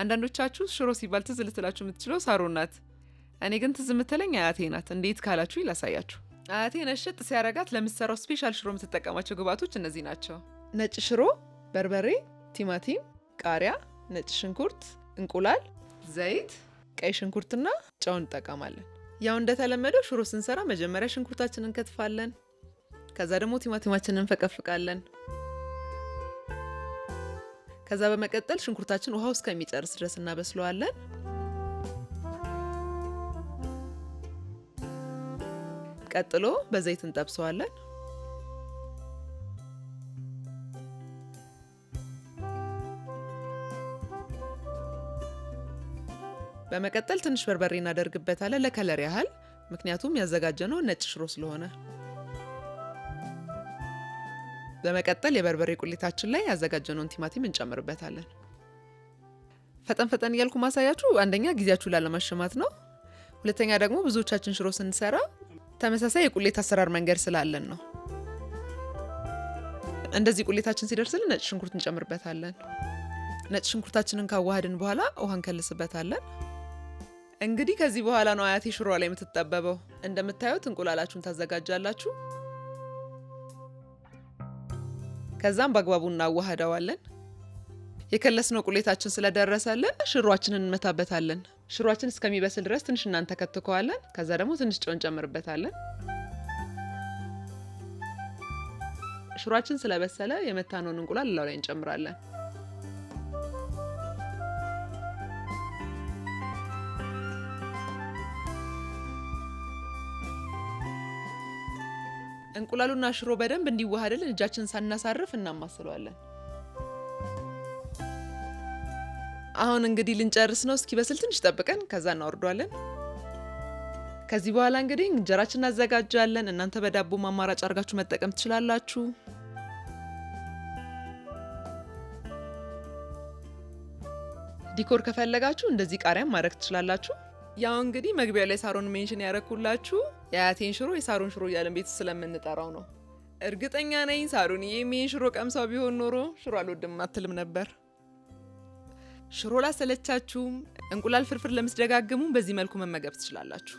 አንዳንዶቻችሁ ሽሮ ሲባል ትዝ ልትላችሁ የምትችለው ሳሮ ናት። እኔ ግን ትዝ የምትለኝ አያቴ ናት። እንዴት ካላችሁ ይላሳያችሁ አያቴ ነሽጥ ሲያረጋት ለምትሰራው ስፔሻል ሽሮ የምትጠቀማቸው ግብአቶች እነዚህ ናቸው። ነጭ ሽሮ፣ በርበሬ፣ ቲማቲም፣ ቃሪያ፣ ነጭ ሽንኩርት፣ እንቁላል፣ ዘይት፣ ቀይ ሽንኩርትና ጨው እንጠቀማለን። ያው እንደተለመደው ሽሮ ስንሰራ መጀመሪያ ሽንኩርታችንን እንከትፋለን። ከዛ ደግሞ ቲማቲማችንን እንፈቀፍቃለን። ከዛ በመቀጠል ሽንኩርታችን ውሃው እስከሚጨርስ ድረስ እናበስለዋለን። ቀጥሎ በዘይት እንጠብሰዋለን። በመቀጠል ትንሽ በርበሬ እናደርግበታለን ለከለር ያህል፣ ምክንያቱም ያዘጋጀነው ነጭ ሽሮ ስለሆነ በመቀጠል የበርበሬ ቁሌታችን ላይ ያዘጋጀነውን ቲማቲም እንጨምርበታለን። ፈጠን ፈጠን እያልኩ ማሳያችሁ አንደኛ ጊዜያችሁ ላለማሸማት ነው። ሁለተኛ ደግሞ ብዙዎቻችን ሽሮ ስንሰራ ተመሳሳይ የቁሌት አሰራር መንገድ ስላለን ነው። እንደዚህ ቁሌታችን ሲደርስልን ነጭ ሽንኩርት እንጨምርበታለን። ነጭ ሽንኩርታችንን ካዋሃድን በኋላ ውሃ እንከልስበታለን። እንግዲህ ከዚህ በኋላ ነው አያቴ ሽሮ ላይ የምትጠበበው። እንደምታዩት እንቁላላችሁን ታዘጋጃላችሁ። ከዛም በአግባቡ እናዋህደዋለን። የከለስነው ቁሌታችን ስለደረሰልን ሽሯችንን እንመታበታለን። ሽሯችን እስከሚበስል ድረስ ትንሽ እናንተከትከዋለን። ከዛ ደግሞ ትንሽ ጨው እንጨምርበታለን። ሽሯችን ስለበሰለ የመታነውን እንቁላል እላው ላይ እንጨምራለን። እንቁላሉና ሽሮ በደንብ እንዲዋሃድልን እጃችን ሳናሳርፍ እናማስለዋለን። አሁን እንግዲህ ልንጨርስ ነው። እስኪ በስል ትንሽ ጠብቀን ከዛ እናወርዷለን። ከዚህ በኋላ እንግዲህ እንጀራችን እናዘጋጃለን። እናንተ በዳቦ ማማራጭ አድርጋችሁ መጠቀም ትችላላችሁ። ዲኮር ከፈለጋችሁ እንደዚህ ቃሪያም ማድረግ ትችላላችሁ። ያው እንግዲህ መግቢያ ላይ ሳሮን ሜንሽን ያረኩላችሁ የአያቴን ሽሮ የሳሮን ሽሮ እያለን ቤት ስለምንጠራው ነው። እርግጠኛ ነኝ ሳሮን የሜን ሽሮ ቀምሳው ቢሆን ኖሮ ሽሮ አልወድም አትልም ነበር። ሽሮ ላሰለቻችሁም እንቁላል ፍርፍር ለምትደጋግሙ በዚህ መልኩ መመገብ ትችላላችሁ።